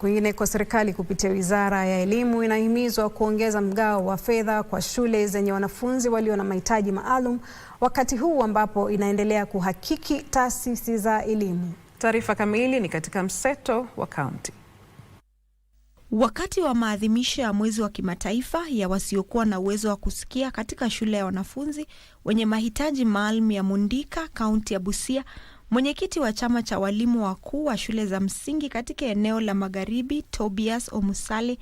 kwingine kwa serikali kupitia wizara ya elimu inahimizwa kuongeza mgao wa fedha kwa shule zenye wanafunzi walio na mahitaji maalum, wakati huu ambapo inaendelea kuhakiki taasisi za elimu. Taarifa kamili ni katika mseto wa kaunti. Wakati wa maadhimisho ya mwezi wa kimataifa ya wasiokuwa na uwezo wa kusikia katika shule ya wanafunzi wenye mahitaji maalum ya Mundika, kaunti ya Busia, Mwenyekiti wa chama cha walimu wakuu wa shule za msingi katika eneo la magharibi Tobias Omusale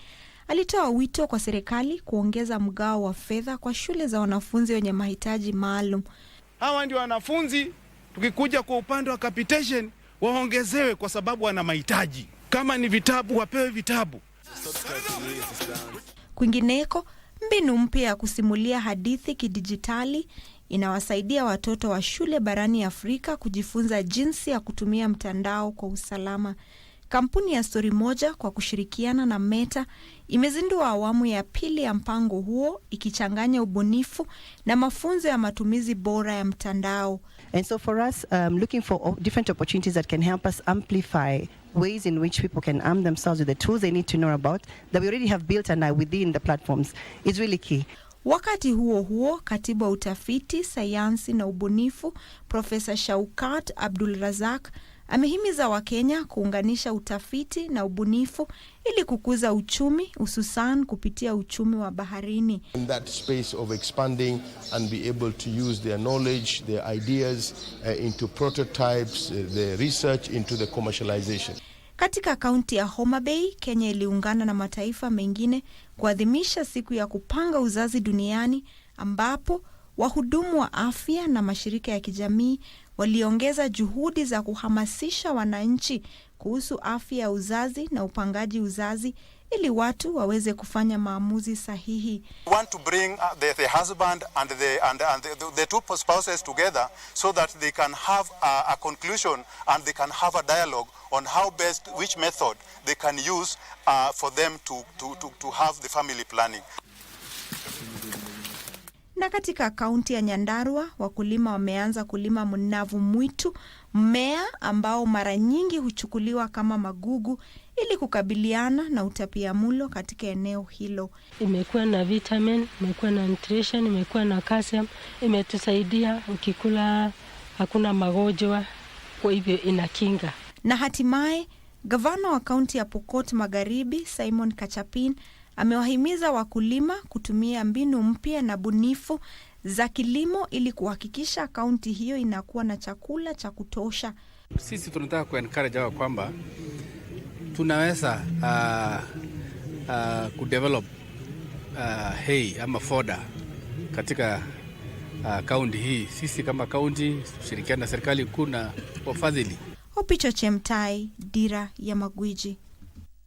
alitoa wito kwa serikali kuongeza mgao wa fedha kwa shule za wanafunzi wenye mahitaji maalum. Hawa ndio wanafunzi, tukikuja kwa upande wa capitation waongezewe kwa sababu wana mahitaji, kama ni vitabu wapewe vitabu. Kwingineko, Mbinu mpya ya kusimulia hadithi kidijitali inawasaidia watoto wa shule barani Afrika kujifunza jinsi ya kutumia mtandao kwa usalama. Kampuni ya Stori Moja kwa kushirikiana na Meta imezindua awamu ya pili ya mpango huo ikichanganya ubunifu na mafunzo ya matumizi bora ya mtandao. And so for us, um, looking for different opportunities that can help us amplify ways in which people can arm themselves with the tools they need to know about that we already have built and are within the platforms is really key. Wakati huo huo, katibu wa utafiti, sayansi na ubunifu Profesa Shaukat Abdul Razak Amehimiza Wakenya kuunganisha utafiti na ubunifu ili kukuza uchumi hususan kupitia uchumi wa baharini. In that space of expanding and be able to use their knowledge, their ideas, uh, into prototypes, uh, their research into the commercialization. Katika kaunti ya Homa Bay, Kenya iliungana na mataifa mengine kuadhimisha siku ya kupanga uzazi duniani ambapo wahudumu wa afya na mashirika ya kijamii waliongeza juhudi za kuhamasisha wananchi kuhusu afya ya uzazi na upangaji uzazi ili watu waweze kufanya maamuzi sahihi. We want to bring uh, the, the husband and the, and, and the, the two spouses together so that they can have a, a conclusion and they can have a dialogue on how best which method they can use uh, for them to, to, to, to have the family planning. Na katika kaunti ya Nyandarua wakulima wameanza kulima mnavu mwitu, mmea ambao mara nyingi huchukuliwa kama magugu, ili kukabiliana na mulo katika eneo hilo. Imekuwa na vitamin, imekuwa na nutrition, imekuwa na calcium, imetusaidia ukikula hakuna magonjwa, kwa hivyo inakinga. Na hatimaye gavana wa kaunti ya Pokot Magharibi Simon Kachapin Amewahimiza wakulima kutumia mbinu mpya na bunifu za kilimo ili kuhakikisha kaunti hiyo inakuwa na chakula cha kutosha. Sisi tunataka kuencourage hawa kwamba tunaweza uh, uh, kudevelop uh, hay ama foda katika kaunti uh, hii. Sisi kama kaunti tushirikiana na serikali kuu na wafadhili. Opicho Chemtai, Dira ya Magwiji.